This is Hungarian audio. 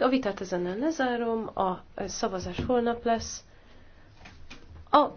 A vitát ezen lezárom, a szavazás holnap lesz. A